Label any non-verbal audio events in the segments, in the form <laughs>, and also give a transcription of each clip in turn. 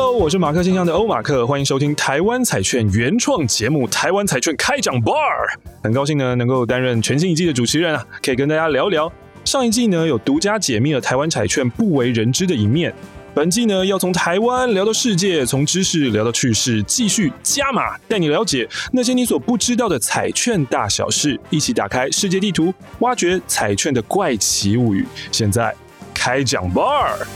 Hello，我是馬克信箱的歐馬克，歡迎收聽台灣彩券原創節目《台灣彩券開講 BAR》。很高興呢，能夠擔任全新一季的主持人啊，可以跟大家聊聊，上一季呢，有獨家解密了台灣彩券不為人知的一面。本季呢，要從台灣聊到世界，從知識聊到趣事，繼續加碼帶你了解那些你所不知道的彩券大小事，一起打開世界地圖，挖掘彩券的怪奇物語。現在，開講 BAR。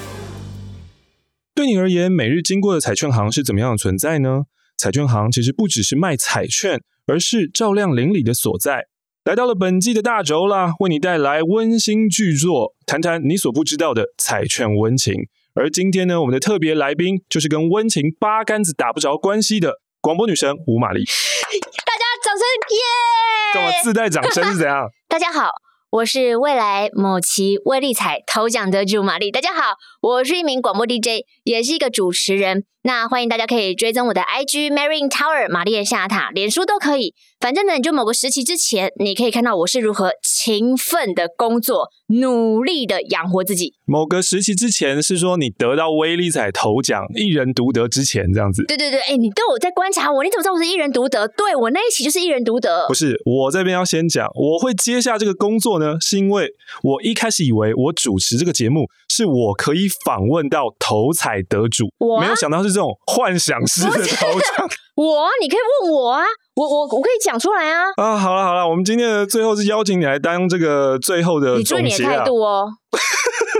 對你而言，每日經過的彩券行是怎麼樣的存在呢？彩券行其實不只是賣彩券，而是照亮鄰里的所在。來到了本季的大軸啦，為你帶來溫馨鉅作，談談你所不知道的彩券溫情。而今天呢，我們的特別來賓就是跟溫情八竿子打不着關係的廣播女神吳瑪麗。大家掌聲，耶！幹嘛我自帶掌聲是怎樣？ <laughs> 大家好。我是未來某期威力彩頭獎得主瑪麗，大家好，我是一名廣播 DJ，也是一個主持人。那歡迎大家可以追蹤我的 IG Maryanne Tower 瑪麗亞下塔，臉書都可以。反正呢，你就某個時期之前，你可以看到我是如何勤奮的工作，努力的養活自己。某個時期之前是說你得到威力彩頭獎一人獨得之前這樣子。對對對，哎、欸，你都有在觀察我，你怎麼知道我是一人獨得？對，我那一期就是一人獨得。不是，我這邊要先講，我會接下這個工作呢，是因為我一開始以為我主持這個節目是我可以訪問到頭彩得主，我哇沒有想到是。這種幻想式的頭像，我你可以問我啊，我我我可以講出來啊啊！好了好了，我們今天的最後是邀請你來當這個最後的總結啊。你注意你的態度哦。 <laughs>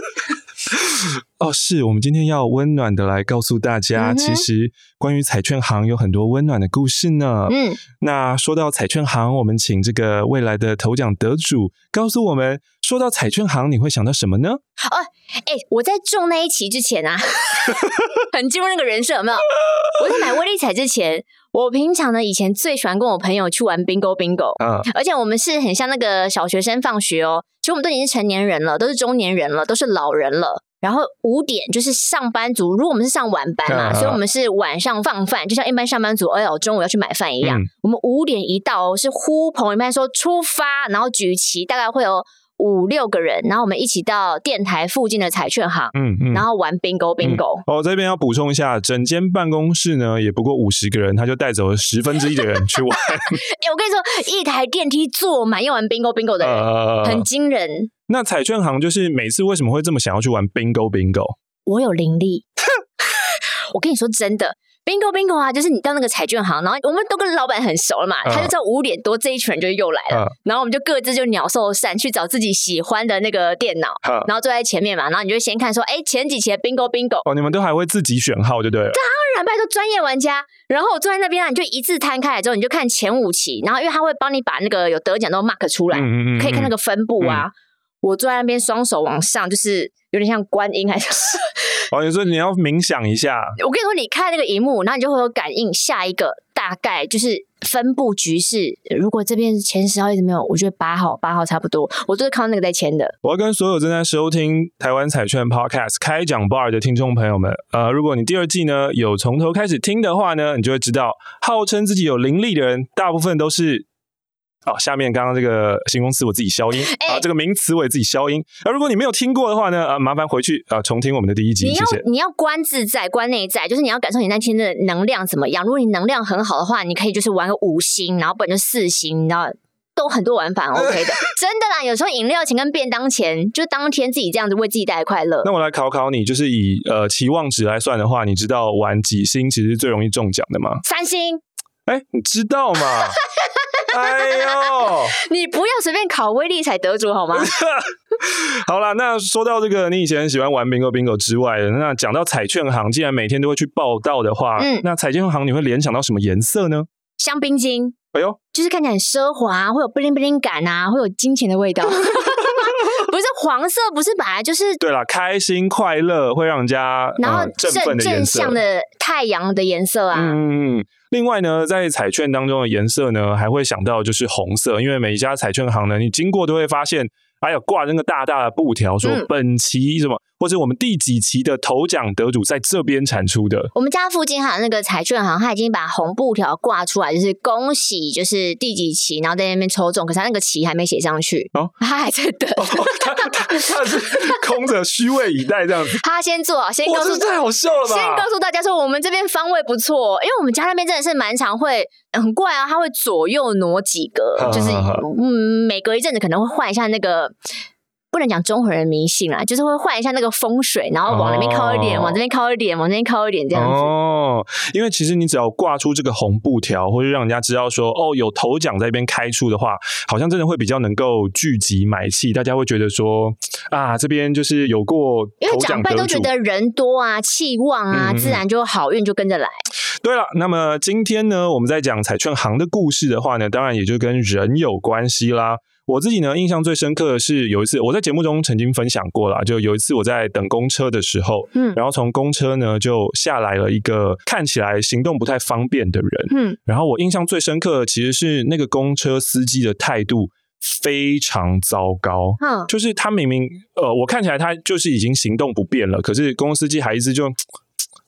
哦，是我們今天要溫暖的來告訴大家，嗯、哼其實關於彩券行有很多溫暖的故事呢。嗯，那說到彩券行，我們請這個未來的頭獎得主告訴我們，說到彩券行，你會想到什麼呢？哦、啊，哎、欸，我在中那一期之前啊， <laughs> <laughs> 很進入那個人設有沒有？我在買威力彩之前，我平常呢以前最喜歡跟我朋友去玩 bingo bingo，嗯、啊，而且我們是很像那個小學生放學哦，其實我們都已經成年人了，都是中年人了，都是老人了。然後五點就是上班族，如果我們是上晚班嘛，啊、所以我們是晚上放飯，就像一般上班族，哎呦，中午要去買飯一樣。嗯、我們五點一到、哦、是呼朋引伴說出發，然後舉旗，大概會有。五六個人，然後我們一起到電台附近的彩券行，嗯嗯，嗯然後玩 bingo bingo、嗯。哦，這邊要補充一下，整間辦公室呢也不過五十個人，他就帶走了十分之一的人去玩。哎、 <laughs> 欸，我跟你說，一台電梯坐滿要玩 bingo bingo 的人，啊、很驚人。那彩券行就是每次為什麼會這麼想要去玩 bingo bingo？我有靈力。哼， <laughs> 我跟你說真的。Bingo Bingo 啊，就是你到那個彩券行，然後我們都跟老闆很熟了嘛，嗯、他就知道五點多這一群人就又來了，嗯、然後我們就各自就鳥獸散去找自己喜歡的那個電腦，嗯、然後坐在前面嘛，然後你就先看說，哎、欸，前幾期的 Bingo Bingo 哦，你們都還會自己選號對不對？當然，拜託專業玩家。然後我坐在那邊啊，你就一字攤開來之後，你就看前五期，然後因為他會幫你把那個有得獎都 mark 出來，嗯嗯嗯、可以看那個分布啊。嗯、我坐在那邊，雙手往上，就是有點像觀音，還是？ <laughs> 我你說，哦、你要冥想一下。我跟你說，你看那個熒幕，然後你就會有感應。下一個大概就是分佈局勢。如果這邊前十號一直沒有，我覺得八號，八號差不多。我就是靠那個在簽的。我要跟所有正在收聽台灣彩券 Podcast 開講 BAR 的聽眾朋友們，呃，如果你第二季呢有從頭開始聽的話呢，你就會知道，號稱自己有靈力的人，大部分都是。好、哦，下面剛剛這個形容詞，我自己消音、欸、啊，這個名詞我也自己消音。那、啊，如果你沒有聽過的話呢，啊，麻煩回去啊重聽我們的第一集，謝謝。你要觀自在，觀內在，就是你要感受你那天的能量怎麼樣。如果你能量很好的話，你可以就是玩個五星，然後不然就四星，你知道，都很多玩法 OK 的。 <laughs> 真的啦，有時候飲料錢跟便當錢，就當天自己這樣子為自己帶來快樂。那我來考考你，就是以呃期望值來算的話，你知道玩幾星其實是最容易中獎的嗎？三星。哎、欸，你知道嗎？ <laughs> 哎呦！你不要隨便考威力彩得主好嗎？ <laughs> 好啦，那說到這個，你以前喜歡玩 Bingo Bingo 之外的，那講到彩券行，既然每天都會去報到的話，嗯，那彩券行你會聯想到什麼顏色呢？香檳金。哎呦，就是看起來很奢華，啊，會有 Bling Bling 感啊，會有金錢的味道。 <laughs> 不是黃色，不是本來就是對啦，開心快樂會讓人家然後正正、嗯、向的太陽的顏色啊。嗯嗯。另外呢，在彩券當中的顏色呢，還會想到就是紅色，因為每一家彩券行呢，你經過都會發現，哎呀，掛那個大大的布條說本期什麼。嗯或者我們第幾期的頭獎得主在這邊產出的。我們家附近好像那個彩券行，他已經把紅布條掛出來，就是恭喜，就是第幾期，然後在那邊抽中，可是他那個旗還沒寫上去，哦、他還在等。他是空着虛位以待這樣子。他先做先告訴，太好笑了吧。先告訴大家說，我們這邊方位不錯，因為我們家那邊真的是蠻常會，很怪啊，他會左右挪幾格，好就是嗯，每隔一陣子可能會換一下那個。不能講中和人迷信啦，就是會換一下那個風水，然後往那邊靠一點，哦、往這邊靠一點，往這邊，邊靠一點，這樣子。哦，因為其實你只要掛出這個紅布條，或者讓人家知道說，哦，有頭獎在這邊開出的話，好像真的會比較能夠聚集買氣，大家會覺得說，啊，這邊就是有過頭獎得主。因為長輩都覺得人多啊，氣旺啊，嗯、自然就好運就跟着來。對了，那麼今天呢，我們在講彩券行的故事的話呢，當然也就跟人有關係啦。我自己呢，印象最深刻的是有一次我在節目中曾經分享過啦，就有一次我在等公車的時候，嗯，然後從公車呢就下來了一個看起來行動不太方便的人，嗯，然後我印象最深刻的其實是那個公車司機的態度非常糟糕，嗯，就是他明明呃，我看起來他就是已經行動不便了，可是公車司機還一直就。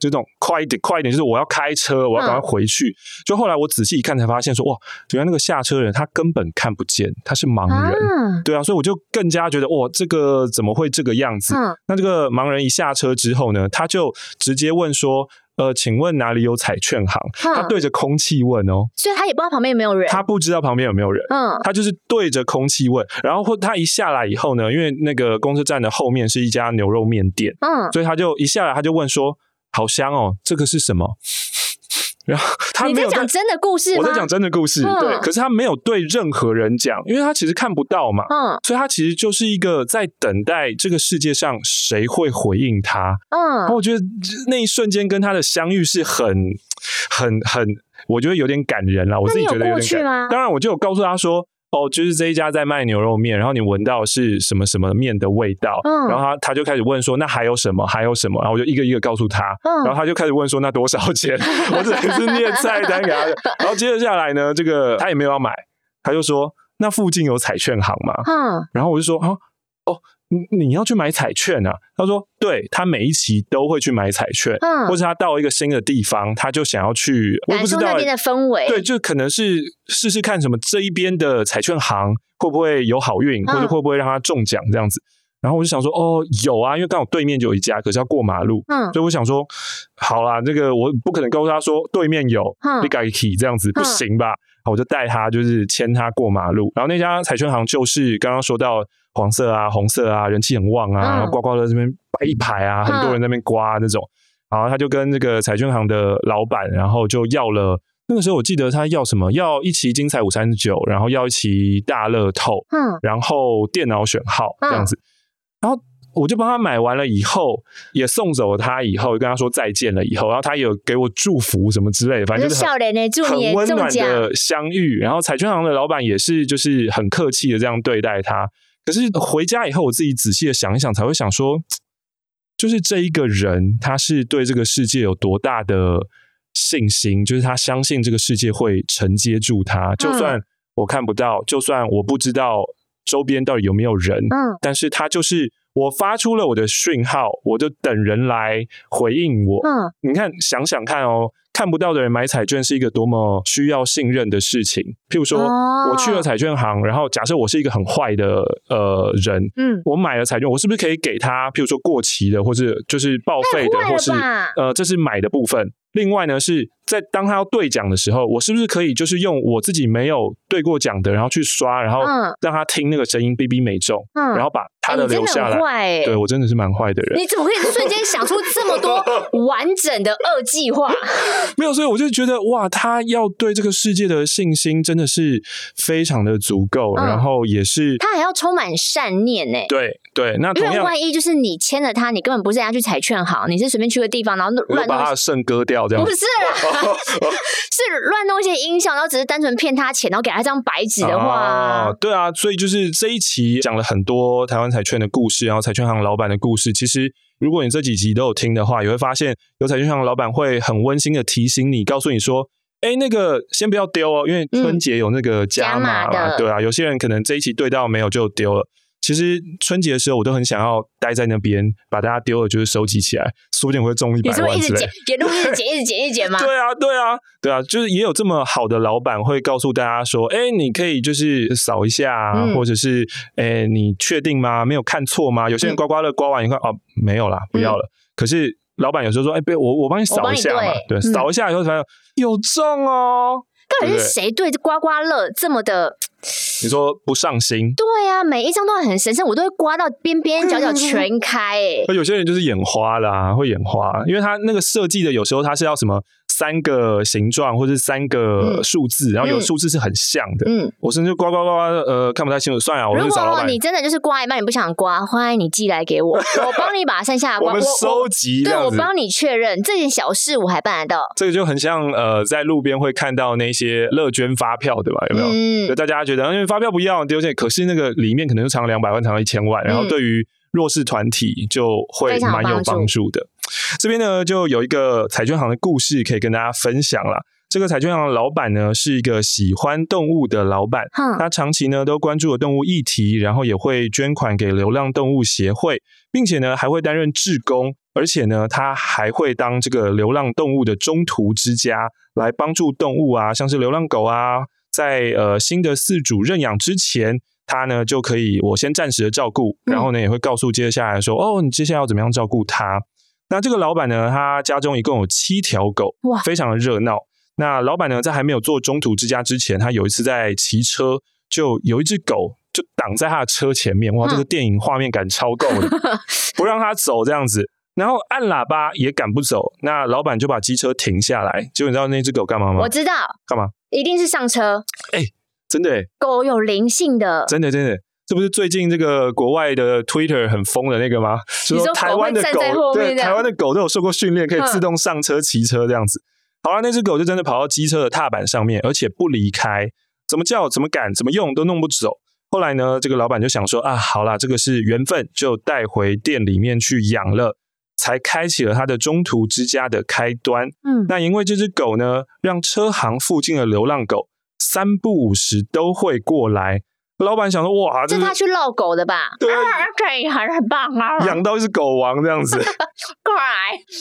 就這種快一點，快一點，就是我要開車，我要趕快回去。嗯、就後來我仔細一看，才發現說，哇，原來那個下車人他根本看不見，他是盲人，啊對啊，所以我就更加覺得，哇，這個怎麼會這個樣子？嗯、那這個盲人一下車之後呢，他就直接問說，呃，請問哪裡有彩券行？嗯、他對着空氣問哦、喔，所以他也不知道旁邊有沒有人，他不知道旁邊有沒有人，嗯，他就是對着空氣問。然後他一下來以後呢，因為那個公車站的後面是一家牛肉麵店，嗯，所以他就一下來他就問說。好香哦，這個是什麼？然後他沒有講。你在講真的故事嗎？我在講真的故事。對，可是他沒有對任何人講，因為他其實看不到嘛。嗯，所以他其實就是一個在等待這個世界上誰會回應他。嗯，然後我覺得那一瞬間跟他的相遇是很、很、很，我覺得有點感人啦。我自己覺得有點感人。當然，我就有告訴他說。哦，就是這一家在賣牛肉麵，然後你聞到是什麼什麼麵的味道，嗯、然後他他就開始問說，那還有什麼？還有什麼？然後我就一個一個告訴他，嗯、然後他就開始問說，那多少錢？嗯、我只能是念菜單給他。 <laughs> 然後接着下來呢，這個他也沒有要買，他就說，那附近有彩券行嗎？嗯、然後我就說啊，哦。哦你要去買彩券啊？他說，對，他每一期都會去買彩券，或者他到一個新的地方，他就想要去。我州那邊的對，就可能是試試看，什麼這一邊的彩券行會不會有好運，或者會不會讓他中獎這樣子。然後我就想說，哦，有啊，因為剛好對面就有一家，可是要過馬路，所以我想說，好啦，那個我不可能告訴他說對面有，你改 key 這樣子不行吧？我就帶他，就是牽他過馬路。然後那家彩券行就是剛剛說到黃色啊、紅色啊，人氣很旺啊，嗯、然後刮刮樂在這邊擺一排啊，嗯、很多人在那邊刮那種。然後他就跟這個彩券行的老闆，然後就要了。那個時候我記得他要什麼？要一期精彩五三九，然後要一期大樂透，嗯、然後電腦選號、嗯、這樣子。然後。我就幫他買完了以後，也送走了他以後，跟他說再見了以後，然後他也給我祝福什麼之類的，反正就是很溫暖的相遇。嗯、然後彩券行的老闆也是就是很客氣的這樣對待他。可是回家以後，我自己仔細的想一想，才會想說，就是這一個人，他是對這個世界有多大的信心？就是他相信這個世界會承接住他，嗯、就算我看不到，就算我不知道周邊到底有沒有人，嗯，但是他就是。我發出了我的訊號，我就等人來回應我。嗯，你看，想想看哦，看不到的人買彩券是一個多麼需要信任的事情。譬如說，哦、我去了彩券行，然後假設我是一個很壞的呃人，嗯，我買了彩券，我是不是可以給他？譬如說過期的，或是就是報廢的，欸、或是呃，這是買的部分。另外呢，是在當他要兌獎的時候，我是不是可以就是用我自己沒有兌過獎的，然後去刷，然後讓他聽那個聲音嗶嗶沒中，嗯、然後把他的，他的留下來。欸欸、對，我真的是蠻壞的人。你怎麼可以瞬間想出這麼多完整的惡計劃？ <laughs> <laughs> 沒有，所以我就覺得哇，他要對這個世界的信心真的是非常的足夠，嗯、然後也是他還要充滿善念呢、欸。對對，那因為萬一就是你簽了他，你根本不是人家去彩券，好，你是隨便去個地方，然後亂把他的腎割掉。不是啊， <laughs> 是亂弄一些音效，然後只是單純騙他錢，然後給他一張白紙的話，啊，對啊，所以就是這一期講了很多台灣彩券的故事，然後彩券行老板的故事。其實如果你這幾集都有聽的話，你會發現有彩券行老板會很溫馨的提醒你，告訴你說：“哎、欸，那個先不要丟哦，因為春節有那個加碼，對啊，有些人可能這一期對到沒有就丟了。”其實春節的時候，我都很想要待在那邊，把大家丟了，就是收集起來，說不定會中一百萬。你不是一直撿，對也陸撿，一直撿，對一直撿，對啊，對啊，對啊，就是也有這麼好的老板會告訴大家說：“哎，你可以就是掃一下、啊，嗯、或者是哎，你確定嗎？沒有看錯嗎？”有些人刮刮樂刮完一後哦、嗯啊，沒有啦，不要了。嗯、可是老板有時候說：“哎，別，我我幫你掃一下嘛，對，對嗯、掃一下以後才說有中哦。”但是誰對刮刮樂這麼的？你說不上心？對啊，每一張都很神聖，我都會刮到邊邊角角全開。 <laughs> 有些人就是眼花了，會眼花，因為他那個設計的有時候他是要什麼。三個形狀或是三個數字，嗯、然後有數字是很像的。嗯，我甚至刮刮刮，呃，看不太清楚，算了，如果 我就找老闆，如果你真的就是刮一半你不想刮，歡迎你寄來給我， <laughs> 我幫你把剩下刮我們收集，對，我幫你確認這件小事，我還辦得到。這個就很像呃，在路邊會看到那些樂捐發票，對吧？有沒有？嗯。就大家覺得因為發票不要丟下可是那個裡面可能就藏了兩百萬，藏了一千萬，嗯、然後對於弱勢團體就會蠻有幫助的。這邊呢，就有一個彩券行的故事可以跟大家分享了。這個彩券行的老闆呢，是一個喜歡動物的老闆，嗯、他長期呢都關注了動物議題，然後也會捐款給流浪動物協會，並且呢還會擔任志工，而且呢他還會當這個流浪動物的中途之家，來幫助動物啊，像是流浪狗啊，在呃新的飼主認養之前，他呢就可以我先暫時的照顧，然後呢、嗯、也會告訴接下來說，哦，你接下來要怎麼樣照顧它。那這個老闆呢，他家中一共有七條狗，非常的熱鬧。哇那老闆呢，在還沒有做中途之家之前，他有一次在騎車，就有一隻狗就擋在他的車前面，哇，嗯、這個電影畫面感超夠的， <laughs> 不讓他走這樣子，然後按喇叭也趕不走。那老闆就把機車停下來，結果你知道那隻狗幹嘛嗎？我知道，幹嘛？一定是上車。哎、欸，真的，狗有靈性的，真的，真的。這不是最近這個國外的 Twitter 很瘋的那個嗎？就說台灣的狗，對台灣的狗都有受過訓練，可以自動上車騎車這樣子。嗯、好了，那隻狗就真的跑到機車的踏板上面，而且不離開，怎麼叫、怎麼趕、怎麼用都弄不走。後來呢，這個老板就想說啊，好啦，這個是緣分，就帶回店裡面去養了，才開啟了它的中途之家的開端。嗯，那因為這隻狗呢，讓車行附近的流浪狗三不五時都會過來。老闆想說：“哇，這他去遛狗的吧？對，是、啊 okay, 很棒啊，啊！養到一只狗王這樣子，過來，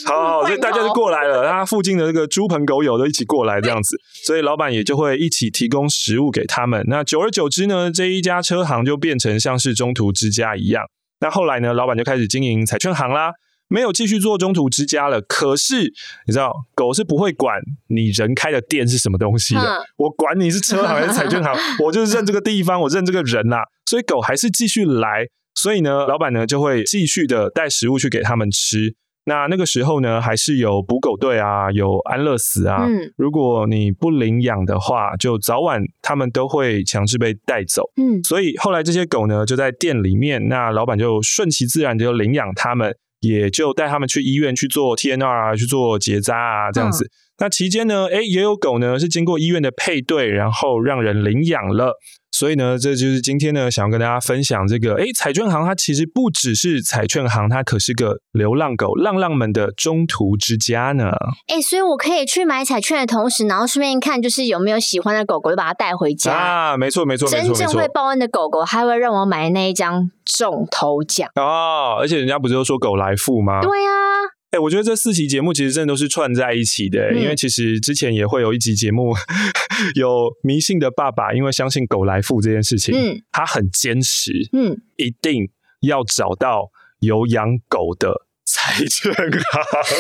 好，口所以大家就過來了。那附近的這個豬朋狗友都一起過來這樣子，所以老闆也就會一起提供食物給他們。 <laughs> 那久而久之呢，這一家車行就變成像是中途之家一樣。那後來呢，老闆就開始經營彩券行啦。”沒有繼續做中途之家了。可是你知道，狗是不會管你人開的店是什麼東西的。啊、我管你是車行還是彩券行，啊、我就是認這個地方，啊、我認這個人吶、啊。所以狗還是繼續來。所以呢，老闆呢就會繼續的帶食物去給他們吃。那那個時候呢，還是有捕狗隊啊，有安樂死啊。嗯、如果你不領養的話，就早晚他們都會強制被帶走。嗯、所以後來這些狗呢就在店裡面。那老闆就順其自然就領養他們。也就帶他們去醫院去做 TNR 啊，去做結紮啊，這樣子。嗯那期間呢、欸，也有狗呢，是經過醫院的配對，然後讓人領養了。所以呢，這就是今天呢，想要跟大家分享這個。哎、欸，彩券行它其實不只是彩券行，它可是個流浪狗浪浪們的中途之家呢。哎、欸，所以我可以去買彩券的同時，然後順便看就是有沒有喜歡的狗狗，就把它帶回家啊。沒錯，沒錯，沒錯，真正會報恩的狗狗，還會讓我買那一張中頭獎。哦，而且人家不是都說狗來富嗎？對呀、啊。哎、欸，我覺得這四期節目其實真的都是串在一起的，嗯、因為其實之前也會有一集節目， <laughs> 有迷信的爸爸，因為相信狗來富這件事情，嗯、他很堅持，嗯、一定要找到有養狗的財神卡，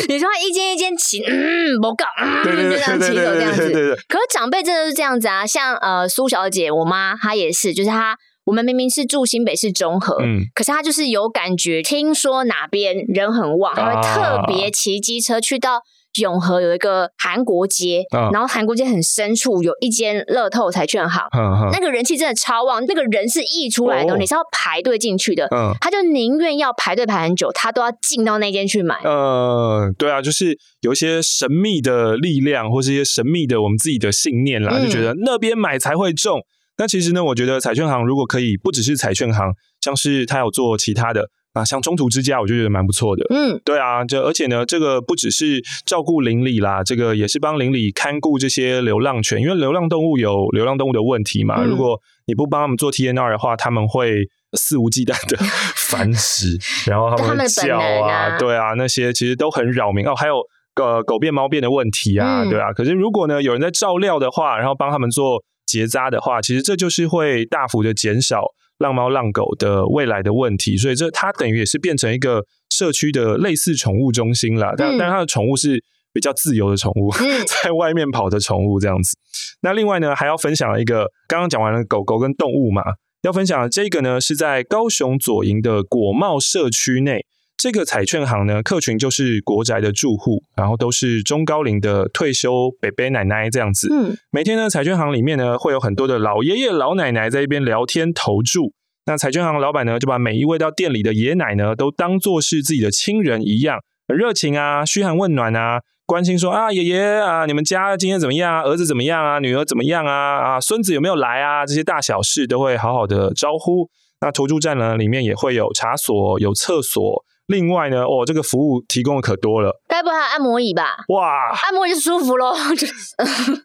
你說他一間一間騎，嗯，不夠，嗯、對對對對，對，這，這樣子，對對對，對。可是長輩真的是這樣子啊，像呃蘇小姐，我媽她也是，就是她。我們明明是住新北市中和，嗯、可是他就是有感覺，聽說哪邊人很旺，他會、啊、特別騎機車去到永和有一個韓國街，嗯、然後韓國街很深處有一間樂透彩券行，嗯嗯、那個人氣真的超旺，那個人是溢出來的，哦、你是要排隊進去的，嗯、他就寧願要排隊排很久，他都要進到那間去買。嗯、呃、對啊，就是有一些神秘的力量，或是一些神秘的我們自己的信念啦，嗯、就覺得那邊買才會中。那其實呢，我覺得彩券行如果可以不只是彩券行，像是他有做其他的啊，像中途之家，我就覺得蠻不錯的。嗯，對啊，就而且呢，這個不只是照顧鄰里啦，這個也是幫鄰里看顧這些流浪犬，因為流浪動物有流浪動物的問題嘛。嗯、如果你不幫他們做 TNR 的話，他們會肆無忌憚的繁殖， <laughs> 然後他們叫啊，對啊，那些其實都很擾民哦。還有呃，狗便貓便的問題啊，嗯、對啊。可是如果呢，有人在照料的話，然後幫他們做。結紮的話，其實這就是會大幅的減少浪貓浪狗的未來的問題，所以這它等於也是變成一個社區的類似寵物中心啦，嗯、但但它的寵物是比較自由的寵物，嗯、在外面跑的寵物這樣子。那另外呢，還要分享一個剛剛講完了狗狗跟動物嘛，要分享的這個呢，是在高雄左營的果貿社區內。這個彩券行呢，客群就是國宅的住戶，然後都是中高齡的退休伯伯奶奶這樣子。嗯、每天呢，彩券行裡面呢，會有很多的老爺爺老奶奶在一邊聊天投注。那彩券行老闆呢，就把每一位到店裡的爺奶呢，都當作是自己的親人一樣，熱情啊，噓寒問暖啊，關心說啊爺爺啊，你們家今天怎麼樣啊，兒子怎麼樣啊，女兒怎麼樣啊，啊孫子有沒有來啊，這些大小事都會好好的招呼。那投注站呢，裡面也會有茶所，有廁所。另外呢，哦，這個服務提供的可多了，該不會還有按摩椅吧？哇，按摩椅就舒服咯。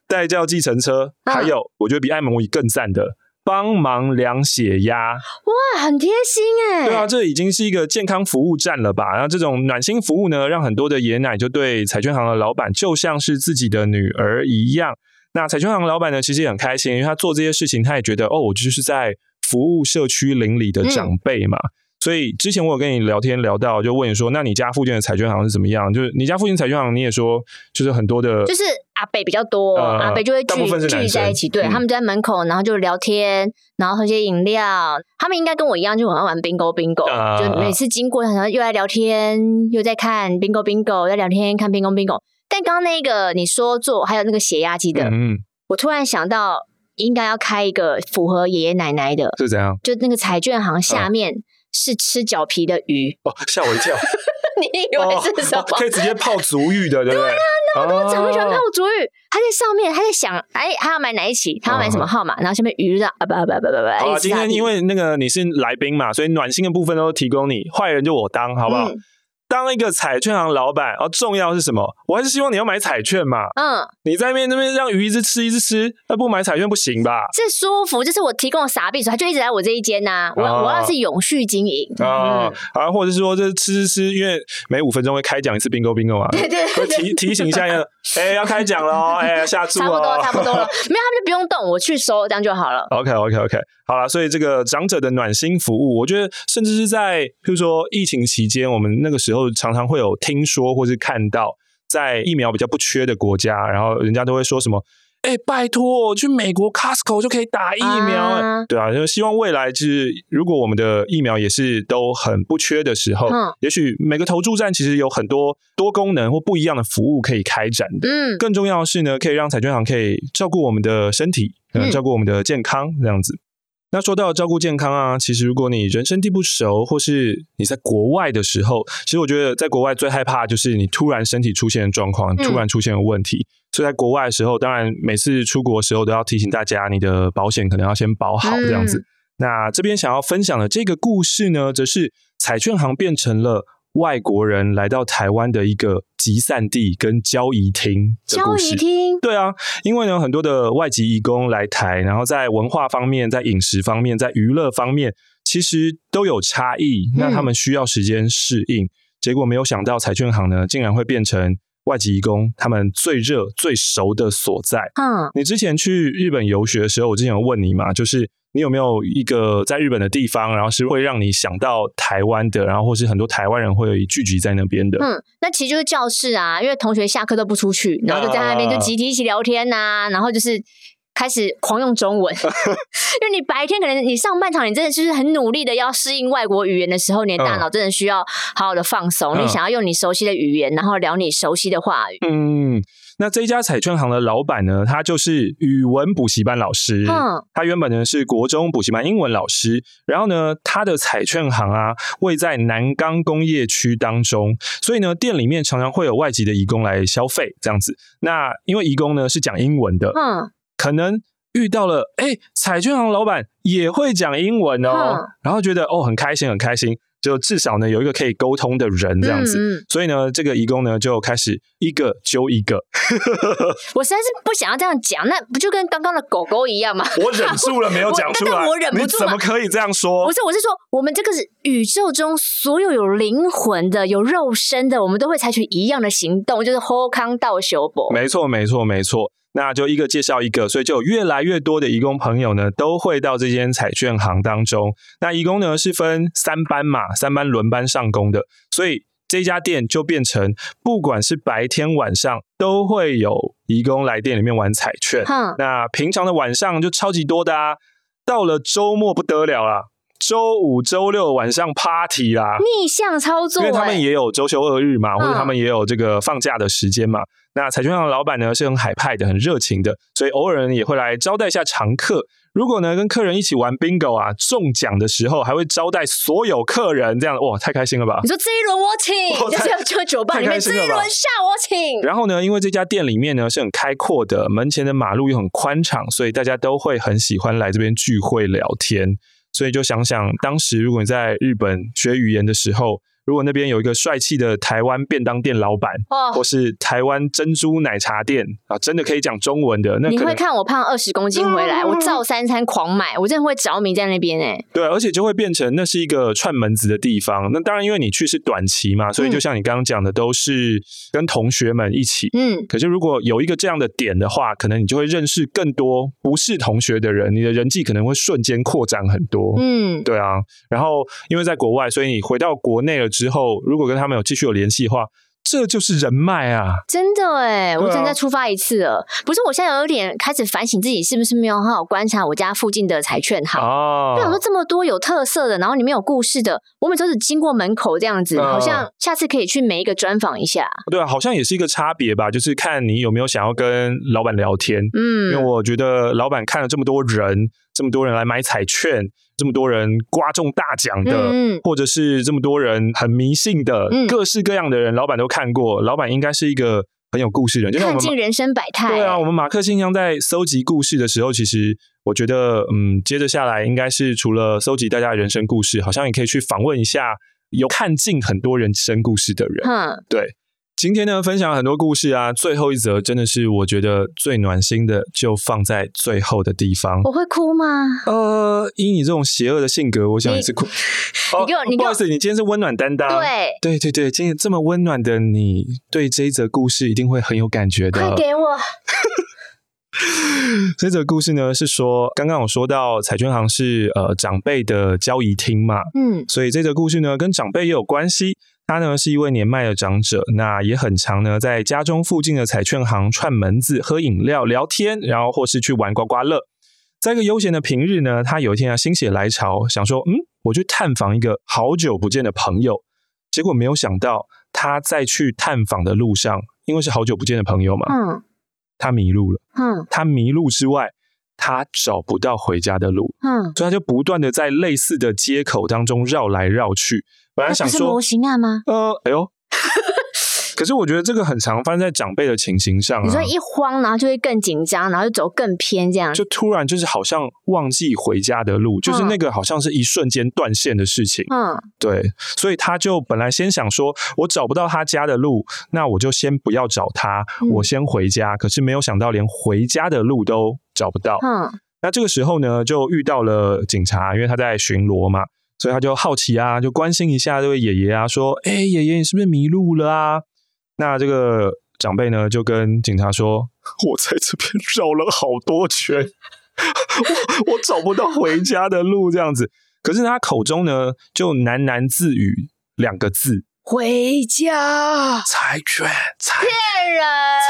代 <laughs> 叫計程車，啊、還有我覺得比按摩椅更讚的，幫忙量血壓，哇，很貼心哎、欸！對啊，這已經是一個健康服務站了吧？然後這種暖心服務呢，讓很多的爺奶就對彩券行的老闆就像是自己的女兒一樣。那彩券行的老闆呢，其實也很開心，因為他做這些事情，他也覺得哦，我就是在服務社區鄰里的長輩嘛。嗯所以之前我有跟你聊天聊到，就問你說，那你家附近的彩券行是怎麼樣？就是你家附近彩券行，你也說就是很多的，就是阿北比較多，呃、阿北就會聚聚在一起，對、嗯、他們就在門口，然後就聊天，然後喝些飲料。他們應該跟我一樣就 bingo bingo、呃，就喜歡玩 bingo bingo，就每次經過然後又來聊天，又在看 bingo bingo，在聊天看 bingo bingo。但剛剛那個你說做還有那個血壓計的，嗯、我突然想到，應該要開一個符合爺爺奶奶的，是怎樣？就那個彩券行下面。呃是吃腳皮的魚哦，嚇我一跳！ <laughs> 你以為是什麼？哦哦、可以直接泡足浴的，對不對？對啊，那麼多長輩、哦、喜歡泡足浴，他在上面，他在想，哎、欸，他要買哪一期，嗯、他要買什麼號碼？然後下面魚就這樣啊，拜拜拜拜拜。啊啊啊啊啊啊啊好啊，今天因為那個你是來賓嘛，所以暖心的部分都提供你，壞人就我當，好不好？嗯當一個彩券行老板，哦，重要是什麼？我還是希望你要買彩券嘛。嗯，你在那邊那邊讓魚一直吃一直吃，那不買彩券不行吧？是舒服，這是我提供的撒幣，所以他就一直在我這一間吶、啊。我、啊、我要是永續經營啊，嗯、啊，或者是說就是吃吃吃，因為每五分鐘會開獎一次，bingo bingo 啊。對對，對，對提。提提醒一下，要哎、 <laughs> 欸、要開獎了，哦。哎、欸、下注、哦、差不多差不多了， <laughs> 沒有他們就不用動，我去收這樣就好了。OK OK OK，好了，所以這個長者的暖心服務，我覺得甚至是在譬如說疫情期間，我們那個時候。常常會有聽說或是看到，在疫苗比較不缺的國家，然後人家都會說什麼：“哎、欸，拜託，去美國 Costco 就可以打疫苗了。”啊，對啊，就希望未來就是，如果我們的疫苗也是都很不缺的時候，嗯，也許每個投注站其實有很多多功能或不一樣的服務可以開展的。嗯，更重要的是呢，可以讓彩券行可以照顧我們的身體，呃，照顧我們的健康，這樣子。那說到照顧健康啊，其實如果你人生地不熟，或是你在國外的時候，其實我覺得在國外最害怕就是你突然身體出現狀況，嗯、突然出現了問題。所以在國外的時候，當然每次出國的時候都要提醒大家，你的保險可能要先保好、嗯、這樣子。那這邊想要分享的這個故事呢，則是彩券行變成了。外國人來到台灣的一個集散地跟交易廳的故事。交易廳，對啊，因為呢，很多的外籍移工來台，然後在文化方面、在飲食方面、在娛樂方面，其實都有差異，那他們需要時間適應。結果沒有想到，彩券行呢竟然會變成外籍移工他們最熱、最熟的所在。你之前去日本遊學的時候，我之前有問你嘛，就是。你有沒有一個在日本的地方，然後是會讓你想到台灣的，然後或是很多台灣人會聚集在那邊的？嗯，那其實就是教室啊，因為同學下課都不出去，然後就在那邊就集體一起聊天吶、啊，啊、然後就是開始狂用中文。 <laughs> 因為你白天可能你上半場你真的就是很努力的要適應外國語言的時候，你的大腦真的需要好好的放鬆。嗯、你想要用你熟悉的語言，然後聊你熟悉的話語，嗯。那這一家彩券行的老闆呢，他就是語文補習班老師，嗯，他原本呢是國中補習班英文老師，然後呢，他的彩券行啊位在南港工業區當中，所以呢店裡面常常會有外籍的移工來消費這樣子。那因為移工呢是講英文的，嗯，可能遇到了哎、欸、彩券行老闆也會講英文哦，嗯、然後覺得哦，很開心很開心。很開心就至少呢有一個可以溝通的人這樣子，嗯、所以呢，這個義工呢就開始一個揪一個。 <laughs> 我實在是不想要這樣講，那不就跟剛剛的狗狗一樣嗎？我忍住了沒有講出來，我，我，但但我忍不住。你怎麼可以這樣說？不是，我是說，我們這個是宇宙中所有有靈魂的、有肉身的，我們都會採取一樣的行動，就是 hol 康道修博。沒錯，沒錯，沒錯。那就一個介紹一個，所以就有越來越多的移工朋友呢，都會到這間彩券行當中。那移工呢是分三班嘛，三班輪班上工的，所以這家店就變成不管是白天晚上都會有移工來店裡面玩彩券。嗯、那平常的晚上就超級多的啊，到了周末不得了啦、啊週五、週六晚上 party 啦，逆向操作、欸，因為他們也有週休二日嘛，嗯、或者他們也有這個放假的時間嘛。那彩券行的老闆呢是很海派的，很熱情的，所以偶爾也會來招待一下常客。如果呢跟客人一起玩 bingo 啊，中獎的時候還會招待所有客人，這樣哇太開心了吧！你說這一輪我請，我在酒酒吧裡面這一輪下我請。然後呢，因為這家店裡面呢是很開闊的，門前的馬路又很寬敞，所以大家都會很喜歡來這邊聚會聊天。所以就想想，當時如果你在日本學語言的時候。如果那邊有一個帥氣的台灣便當店老板哦，oh. 或是台灣珍珠奶茶店啊，真的可以講中文的，那你會看我胖二十公斤回來，嗯嗯，我照三餐狂買，我真的會着迷在那邊哎、欸。對，而且就會變成那是一個串門子的地方。那當然，因為你去是短期嘛，所以就像你剛剛講的，嗯、都是跟同學們一起。嗯，可是如果有一個這樣的點的話，可能你就會認識更多不是同學的人，你的人際可能會瞬間擴展很多。嗯，對啊。然後因為在國外，所以你回到國內了。之後，如果跟他們有繼續有聯繫的話，這就是人脈啊！真的哎、欸，啊、我真再出發一次了。不是，我現在有點開始反省自己是不是沒有好好觀察我家附近的彩券行啊。就想，哦、說這麼多有特色的，然後裡面有故事的，我每周只經過門口這樣子，好像下次可以去每一個專訪一下。哦、對啊，好像也是一個差別吧，就是看你有沒有想要跟老板聊天。嗯，因為我覺得老板看了這麼多人。這麼多人來買彩券，這麼多人刮中大獎的，嗯嗯，或者是這麼多人很迷信的，嗯、各式各樣的人，老闆都看過。老闆應該是一個很有故事的人，就是我們看盡人生百態。對啊，我們馬克信箱在搜集故事的時候，其實我覺得，嗯，接着下來應該是除了搜集大家的人生故事，好像也可以去訪問一下有看盡很多人生故事的人。嗯，對。今天呢，分享了很多故事啊，最後一則真的是我覺得最暖心的，就放在最後的地方。我會哭嗎？呃，以你這種邪惡的性格，我想也是哭你。你給我，你給我，哦，不好意思，你今天是溫暖擔當。對對對對，今天這麼溫暖的你，對這一則故事一定會很有感覺的。快給我。 <laughs> <laughs> 這則故事呢，是說剛剛我說到彩券行是呃長輩的交易廳嘛，嗯，所以這則故事呢，跟長輩也有關係。他呢，是一位年邁的長者，那也很常呢在家中附近的彩券行串門子、喝飲料、聊天，然後或是去玩刮刮樂。在一個悠閒的平日呢，他有一天啊心血來潮，想說，嗯，我去探訪一個好久不見的朋友。結果沒有想到，他在去探訪的路上，因為是好久不見的朋友嘛，嗯，他迷路了，嗯，他迷路之外。他找不到回家的路，嗯，所以他就不斷的在類似的街口當中繞來繞去。本來想說，呃，哎呦。可是我覺得這個很常發生在長輩的情形上、啊。你說一慌，然後就會更緊張，然後就走更偏，這樣就突然就是好像忘記回家的路，嗯、就是那個好像是一瞬間斷線的事情。嗯，對，所以他就本來先想說，我找不到他家的路，那我就先不要找他，我先回家。嗯、可是沒有想到，連回家的路都找不到。嗯，那這個時候呢，就遇到了警察，因為他在巡邏嘛，所以他就好奇啊，就關心一下這位爺爺啊，說：“哎、欸，爺爺，你是不是迷路了啊？”那這個長輩呢，就跟警察說：“我在這邊繞了好多圈，我我找不到回家的路。”這樣子，可是他口中呢，就喃喃自語兩個字：“回家。”彩券，彩，騙人！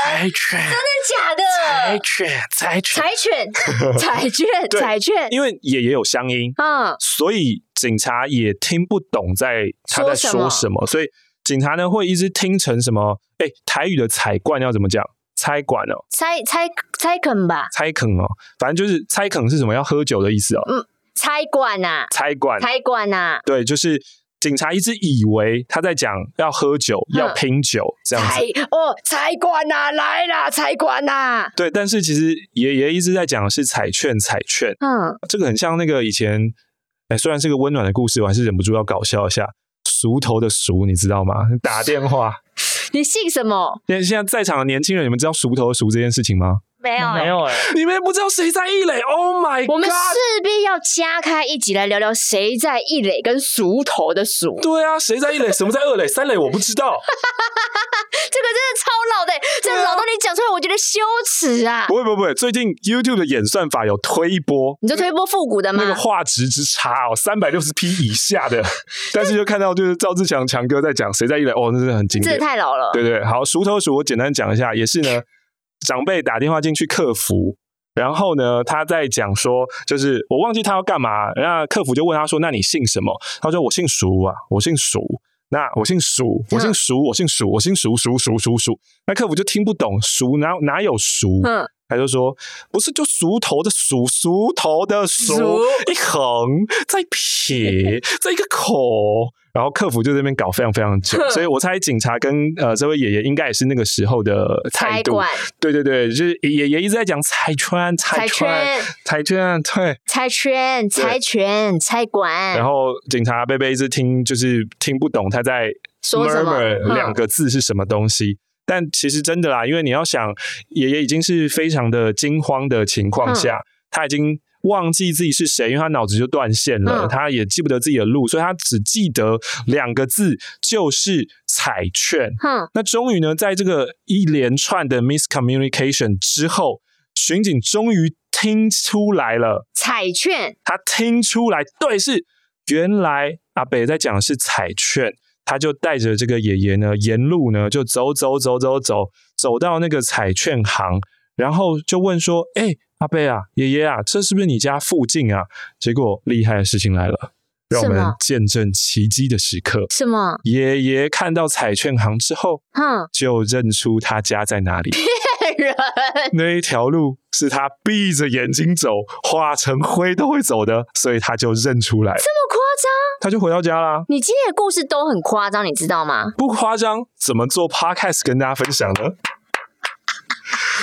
彩券，真的假的？彩券，彩券，彩券，彩券，彩券，對。因為也也有鄉音啊，所以警察也聽不懂在他在說什麼，所以。警察呢會一直聽成什麼？哎、欸，台語的“彩罐”要怎麼講？“彩罐、喔”哦，“彩彩彩肯”吧，“彩肯、喔”哦，反正就是“彩肯”是什麼？要喝酒的意思哦、喔。嗯，“彩罐、啊”吶館，“彩罐、啊”“彩罐”吶，對，就是警察一直以為他在講要喝酒、要拼酒、嗯、這樣子。哦，“財罐”吶，來啦，財罐、啊”吶。對，但是其實爺爺一直在講的是彩券，彩券。嗯，這個很像那個以前，哎、欸，雖然是個溫暖的故事，我還是忍不住要搞笑一下。熟頭的熟，你知道嗎？打電話，你姓什麼？現，現在在場的年輕人，你們知道熟頭的熟這件事情嗎？沒有，沒有哎、欸，你們也不知道誰在一壘？Oh my God! 我們勢必要加開一集來聊聊誰在一壘，跟熟頭的熟。對啊，誰在一壘？什麼在二壘、 <laughs> 三壘？我不知道。 <laughs> 超老的，欸，這老東西講出來，我覺得羞恥啊！不會不會，最近 YouTube 的演算法有推波，你就推波復古的嗎？那那個畫質之差哦，三百六十 P 以下的。 <laughs> 但是就看到就是趙自強強哥在講誰在一台哦，那是很經典，這太老了。對對，好，熟頭熟，我簡單講一下，也是呢。 <laughs> 長輩打電話進去客服，然後呢，他在講說，就是我忘記他要幹嘛，那客服就問他說，那你姓什麼？他說我姓熟啊，我姓熟。那我姓石，我姓石、嗯，我姓石，我姓石，石石石石。那客服就聽不懂石，哪哪有石？嗯、他就說不是，就石頭的石，石頭的石，石一橫再撇再 <laughs> 一個口。然後客服就在那邊搞非常非常久， <laughs> 所以我猜警察跟呃這位爺爺應該也是那個時候的態度。管對對對，就是爺爺一直在講彩券、彩券、彩券圈，對，彩券、彩券、彩館。對然後警察伯伯一直聽，就是聽不懂他在 murmur 說什麼兩個字是什麼東西。嗯、但其實真的啦，因為你要想，爺爺已經是非常的驚慌的情況下，嗯、他已經。忘記自己是誰，因為他腦子就斷線了，嗯、他也記不得自己的路，所以他只記得兩個字就是彩券。嗯、那終於呢，在這個一連串的 miscommunication 之後，巡警終於聽出來了彩券。他聽出來，對是，是原來阿北在講的是彩券。他就帶着這個爺爺呢，沿路呢就走走走走走，走到那個彩券行，然後就問說：“哎、欸。”阿伯啊，爺爺啊，這是不是你家附近啊？結果厲害的事情來了，讓我們見證奇蹟的時刻。什麼？爺爺看到彩券行之後，哼、嗯，就認出他家在哪裡。騙人！那一條路是他閉着眼睛走，化成灰都會走的，所以他就認出來。這麼誇張？他就回到家啦。你今天的故事都很誇張，你知道嗎？不誇張，怎麼做 Podcast 跟大家分享呢？ <laughs>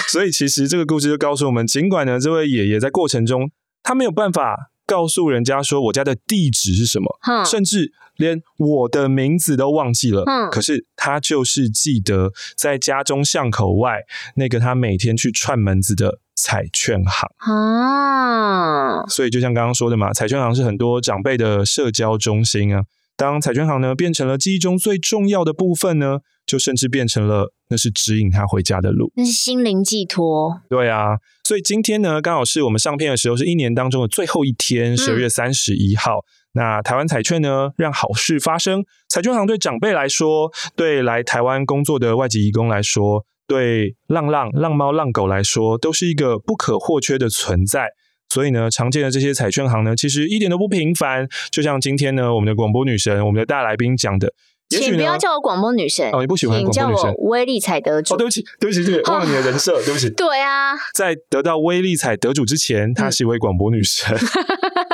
所以，其實這個故事就告訴我們，儘管呢，這位爺爺在過程中，他沒有辦法告訴人家說，我家的地址是什麼，嗯，甚至連我的名字都忘記了。嗯，可是他就是記得在家中巷口外那個他每天去串門子的彩券行啊。所以，就像剛剛說的嘛，彩券行是很多長輩的社交中心啊。當彩券行呢，變成了記憶中最重要的部分呢。就甚至變成了那是指引他回家的路，那是心靈寄托。對啊，所以今天呢，剛好是我們上片的時候，是一年當中的最後一天，十二月三十一號。嗯、那台灣彩券呢，讓好事發生。彩券行對長輩來說，對來台灣工作的外籍移工來說，對浪浪浪貓浪狗來說，都是一個不可或缺的存在。所以呢，常見的這些彩券行呢，其實一點都不平凡。就像今天呢，我們的廣播女神，我們的大來賓講的。請不要叫我廣播女神哦。你不喜歡廣播女神，你叫我威力彩得主哦。對不起，對不起，對不起，啊、忘了你的人設，對不起。對啊，在得到威力彩得主之前，她是一位廣播女神。嗯、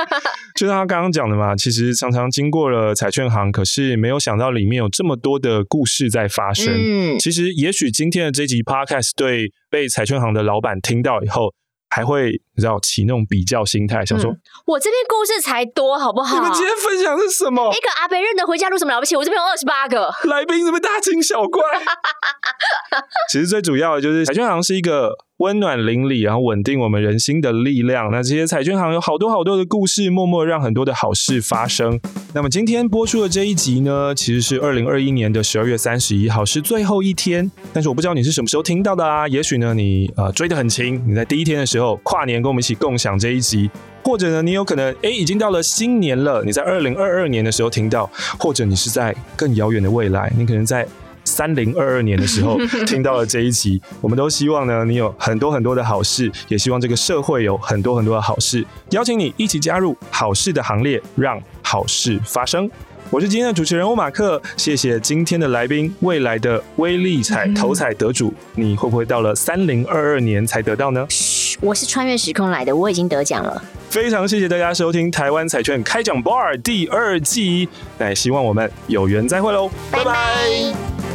<laughs> 就像他剛剛講的嘛，其實常常經過了彩券行，可是沒有想到裡面有這麼多的故事在發生。嗯，其實也許今天的這集 Podcast 對被彩券行的老闆聽到以後，還會。你知道起那種比較心態，想說、嗯、我這邊故事才多，好不好？你們今天分享的是什麼？一個阿北認得回家路，什麼了不起？我這邊有二十八個來賓，怎麼大驚小怪？ <laughs> 其實最主要的就是彩券行是一個溫暖鄰里，然後穩定我們人心的力量。那這些彩券行有好多好多的故事，默默讓很多的好事發生。那麼今天播出的這一集呢，其實是二零二一年的十二月三十一號，是最後一天。但是我不知道你是什麼時候聽到的啊？也許呢你，你呃追得很勤，你在第一天的時候跨年。跟我們一起共享這一集，或者呢，你有可能誒、欸、已經到了新年了，你在二零二二年的時候聽到，或者你是在更遙遠的未來，你可能在三零二二年的時候聽到了這一集。 <laughs> 我們都希望呢，你有很多很多的好事，也希望這個社會有很多很多的好事。邀請你一起加入好事的行列，讓好事發生。我是今天的主持人歐馬克，謝謝今天的來賓，未來的威力彩頭彩得主，嗯、你會不會到了三零二二年才得到呢？噓，我是穿越時空來的，我已經得獎了。非常謝謝大家收聽台灣彩券開講 BAR 第二季，那也希望我們有緣再會嘍，嗯、bye bye 拜拜。